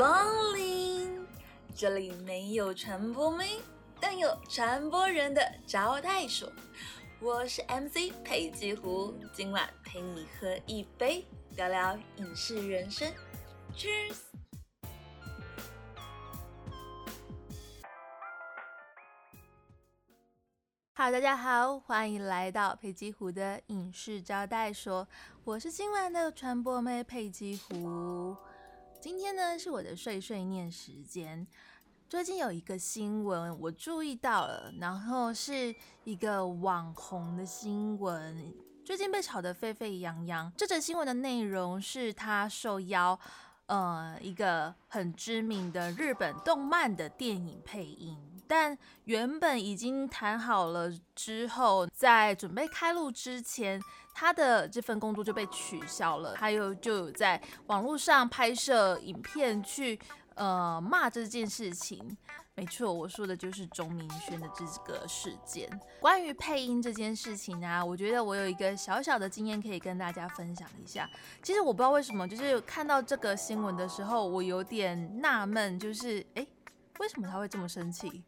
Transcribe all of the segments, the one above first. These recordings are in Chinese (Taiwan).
光臨這裡沒有傳播妹，但有傳播人的招待所。我是 MC 珮姬狐，今晚陪你喝一杯，聊聊影視人生。Cheers！Hello，大家好，歡迎來到珮姬狐的影視招待所。我是今晚的傳播妹珮姬狐。今天呢，是我的碎碎念時間。最近有一個新聞我注意到了，然後是一個網紅的新聞，最近被炒得沸沸揚揚。這則新聞的內容是他受邀，呃，一個很知名的日本動漫的電影配音。但原本已經談好了之後，在準備開錄之前，他的這份工作就被取消了。還有就有在網絡上拍攝影片去，呃，罵這件事情。沒錯，我說的就是鐘明軒的這個事件。關於配音這件事情啊，我覺得我有一個小小的經驗可以跟大家分享一下。其實我不知道為什麼，就是看到這個新聞的時候，我有點納悶，就是哎、欸，為什麼他會這麼生氣？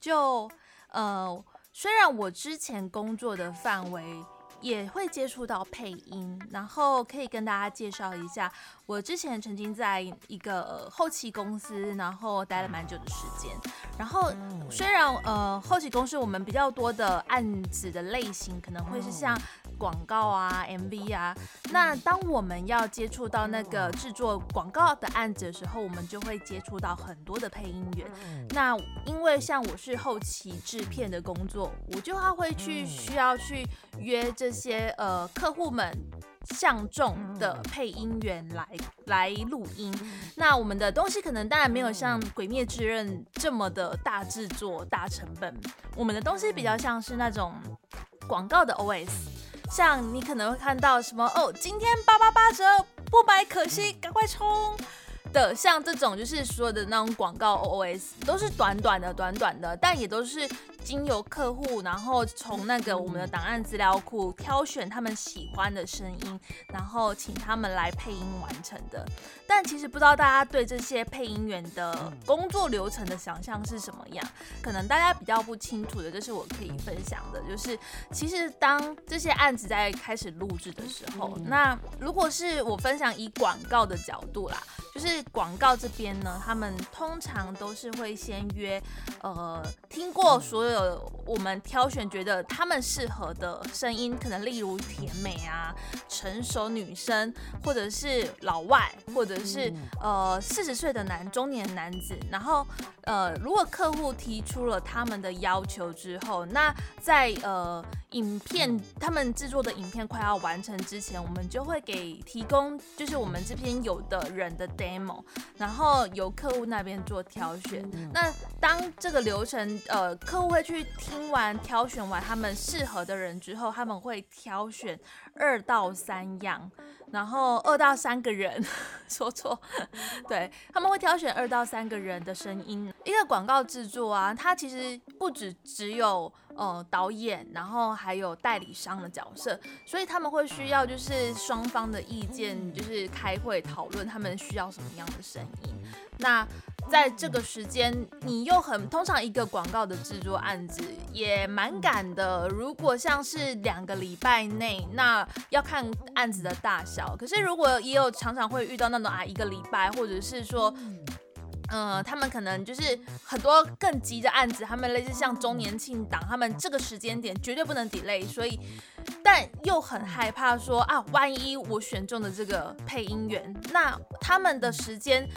就呃，雖然我之前工作的範圍也會接觸到配音，然後可以跟大家介紹一下，我之前曾經在一個後期公司，然後待了蠻久的時間。然後雖然呃，後期公司我們比較多的案子的類型，可能會是像。廣告啊，MV 啊，那當我們要接觸到那個製作廣告的案子的時候，我們就會接觸到很多的配音員。那因為像我是後期製片的工作，我就要會去需要去約這些呃客戶們相中的配音員來來錄音。那我們的東西可能當然沒有像《鬼滅之刃》這麼的大製作、大成本，我們的東西比較像是那種廣告的 OS。像你可能會看到什麼哦，今天八八八折，不買可惜，趕快衝的，像這種就是說的那種廣告，O S 都是短短的、短短的，但也都是，經由客戶，然後從那個我們的檔案資料庫挑選他們喜歡的聲音，然後請他們來配音完成的。但其實不知道大家對這些配音員的工作流程的想象是什麼樣，可能大家比較不清楚的，就是我可以分享的，就是其實當這些案子在開始錄製的時候，那如果是我分享以廣告的角度啦，就是廣告這邊呢，他們通常都是會先約，呃，聽過所有的。呃，我們挑選覺得他們適合的聲音，可能例如甜美啊、成熟女生，或者是老外，或者是呃四十歲的男中年男子。然後，呃，如果客戶提出了他們的要求之後，那在呃影片他們製作的影片快要完成之前，我們就會給提供就是我們這邊有的人的 demo，然後由客戶那邊做挑選。那當這個流程呃，客戶會。去聽完、挑選完他們適合的人之後，他們會挑選二到三樣，然後二到三個人，說錯，對，他們會挑選二到三個人的聲音。一個廣告制作啊，它其實不止只有呃導演，然後還有代理商的角色，所以他們會需要就是雙方的意見，就是開會討論他們需要什麼樣的聲音。那在這個時間，你又很通常一個廣告的制作案子也蠻趕的。如果像是兩個禮拜內，那要看案子的大小。可是如果也有常常會遇到那種啊，一個禮拜，或者是說，嗯、呃，他們可能就是很多更急的案子，他們類似像周年慶檔，他們這個時間點絕對不能 delay。所以，但又很害怕說啊，萬一我選中的這個配音員，那他們的時間。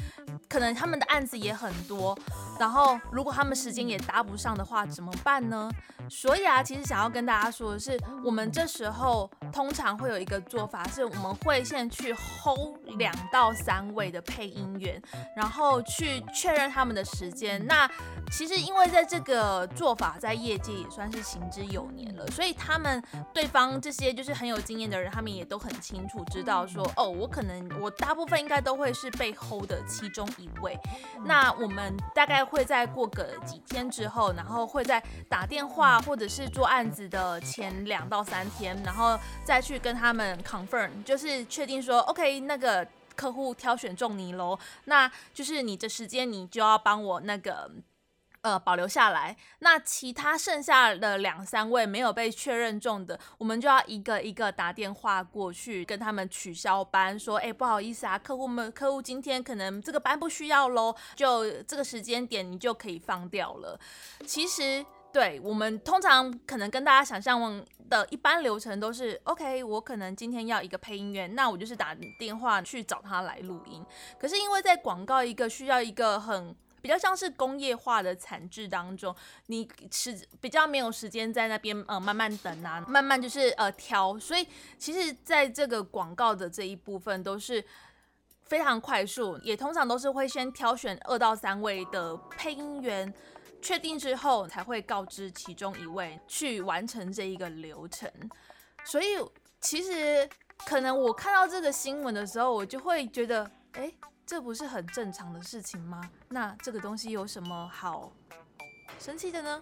可能他們的案子也很多，然後如果他們時間也搭不上的話，怎麼辦呢？所以啊，其實想要跟大家說的是，我們這時候，通常會有一個做法，是我們會先去 hold 兩到三位的配音員，然後去確認他們的時間。那其實因為在這個做法在業界也算是行之有年了，所以他們對方這些就是很有經驗的人，他們也都很清楚知道說，哦，我可能我大部分應該都會是被 hold 的其中一位。那我們大概會再過個幾天之後，然後會再打電話或者是做案子的前兩到三天，然後。再去跟他們 confirm，就是確定說 OK，那個客戶挑選中你嘍，那就是你的時間，你就要幫我那個呃保留下來。那其他剩下的兩三位沒有被確認中的，我們就要一個一個打電話過去跟他們取消班，說哎、欸、不好意思啊，客戶們客戶今天可能這個班不需要嘍，就這個時間點你就可以放掉了。其實。對我們通常可能跟大家想象的，一般流程都是 OK，我可能今天要一個配音員，那我就是打電話去找他來錄音。可是因為在廣告一個需要一個很比較像是工業化的產制當中，你是比較沒有時間在那邊呃慢慢等啊，慢慢就是呃挑，所以其實在這個廣告的這一部分都是非常快速，也通常都是會先挑選二到三位的配音員。確定之後才會告知其中一位去完成這一個流程，所以其實可能我看到這個新聞的時候，我就會覺得、欸，哎，這不是很正常的事情嗎？那這個東西有什麼好生氣的呢？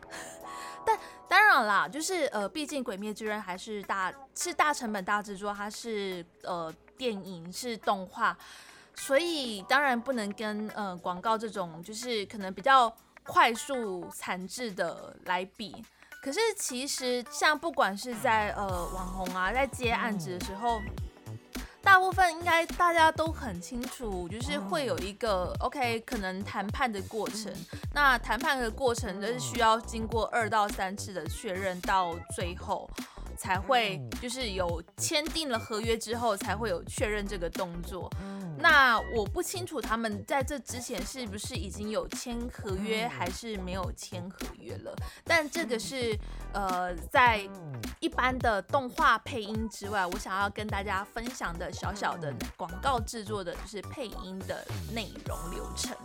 但當然啦，就是呃，畢竟《鬼滅之刃》還是大是大成本大製作，它是呃電影是動畫，所以當然不能跟呃廣告這種就是可能比較。快速、殘智的來比，可是其實像不管是在呃網紅啊，在接案子的時候，大部分應該大家都很清楚，就是會有一個 OK，可能談判的過程。那談判的過程就是需要經過二到三次的確認，到最後。才會就是有簽訂了合約之後才會有確認這個動作。那我不清楚他們在這之前是不是已經有簽合約，還是沒有簽合約了。但這個是呃，在一般的動畫配音之外，我想要跟大家分享的小小的廣告制作的就是配音的內容流程。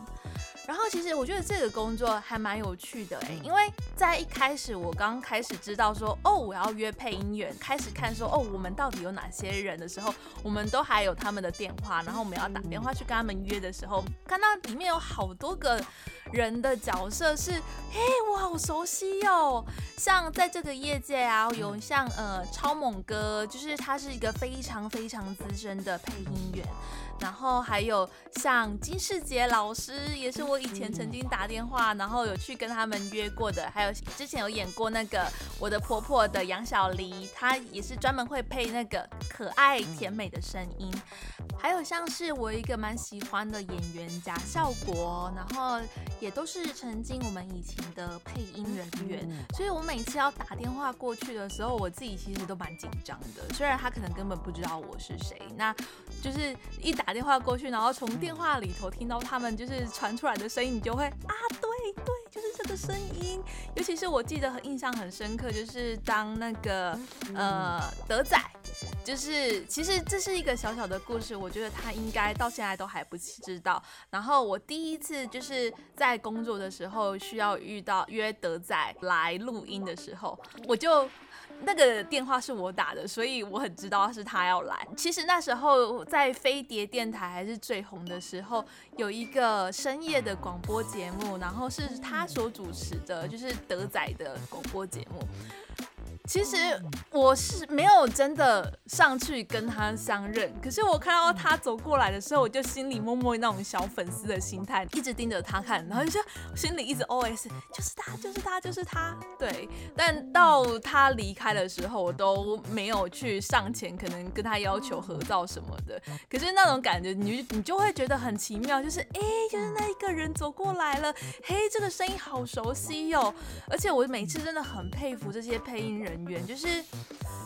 然後其實我覺得這個工作還蠻有趣的誒，因為在一開始，我剛開始知道說哦我要約配音員，開始看說哦我們到底有哪些人的時候，我們都還有他們的電話，然後我們要打電話去跟他們約的時候，看到裡面有好多個。人的角色是，嘿，我好熟悉喲、哦。像在這個業界啊，有像呃超猛哥，就是他是一個非常非常資深的配音員，然後還有像金士傑老師，也是我以前曾經打電話，然後有去跟他們約過的，還有之前有演過那個《我的婆婆》的楊小黎，她也是專門會配那個可愛甜美的聲音，還有像是我一個蠻喜歡的演員賈孝國，然後。也都是曾經我們以前的配音人員，所以我每次要打電話過去的時候，我自己其實都蠻緊張的。雖然他可能根本不知道我是誰，那就是一打電話過去，然後從電話裡頭聽到他們就是傳出來的聲音，你就會啊，對對，就是這個聲音。尤其是我記得印象很深刻，就是當那個呃德仔。就是，其實這是一個小小的故事，我覺得他應該到現在都還不知道。然後我第一次就是在工作的時候需要遇到約德仔來錄音的時候，我就那個電話是我打的，所以我很知道是他要來。其實那時候在飛碟電台還是最紅的時候，有一個深夜的廣播節目，然後是他所主持的，就是德仔的廣播節目。其實我是沒有真的上去跟他相認，可是我看到他走過來的時候，我就心裡默默那種小粉絲的心態，一直盯着他看，然後就心裡一直 OS 就，就是他，就是他，就是他，對。但到他離開的時候，我都沒有去上前，可能跟他要求合照什麼的。可是那種感覺，你就你就會覺得很奇妙，就是哎、欸，就是那一個人走過來了，嘿，這個聲音好熟悉喲，而且我每次真的很佩服這些配音人。就是，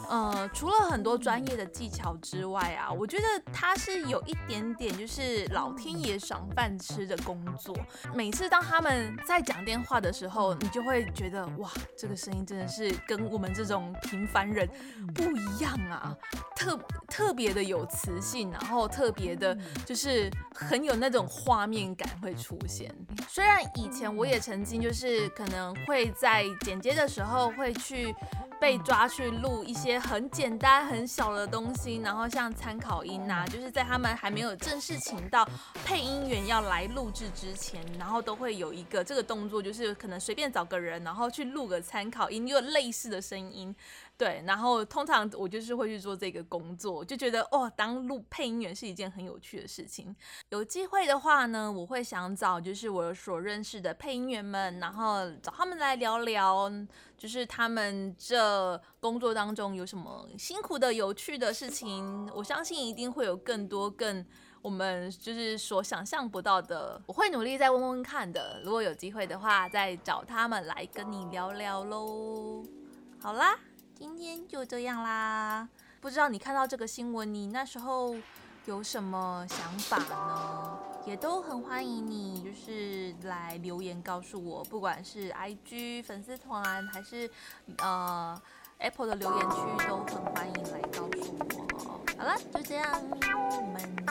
呃，除了很多專業的技巧之外啊，我覺得他是有一點點就是老天爺賞飯吃的工作。每次當他們在講電話的時候，你就會覺得哇，這個聲音真的是跟我們這種平凡人不一樣啊，特特別的有磁性，然後特別的，就是很有那種畫面感會出現。雖然以前我也曾經就是可能會在剪接的時候會去。被抓去錄一些很簡單很小的東西，然後像參考音吶、啊，就是在他們還沒有正式請到配音員要來錄製之前，然後都會有一個這個動作，就是可能隨便找個人，然後去錄個參考音，又有類似的聲音。對，然後通常我就是會去做這個工作，就覺得哦，當錄配音員是一件很有趣的事情。有機會的話呢，我會想找就是我所認識的配音員們，然後找他們來聊聊，就是他們這工作當中有什麼辛苦的、有趣的事情。我相信一定會有更多更我們就是所想象不到的。我會努力再問問看的，如果有機會的話，再找他們來跟你聊聊嘍。好啦。今天就這樣啦，不知道你看到這個新聞，你那時候有什麼想法呢？也都很歡迎你，就是來留言告訴我，不管是 IG 粉絲團，還是呃 Apple 的留言區，都很歡迎來告訴我。好了，就這樣，我們。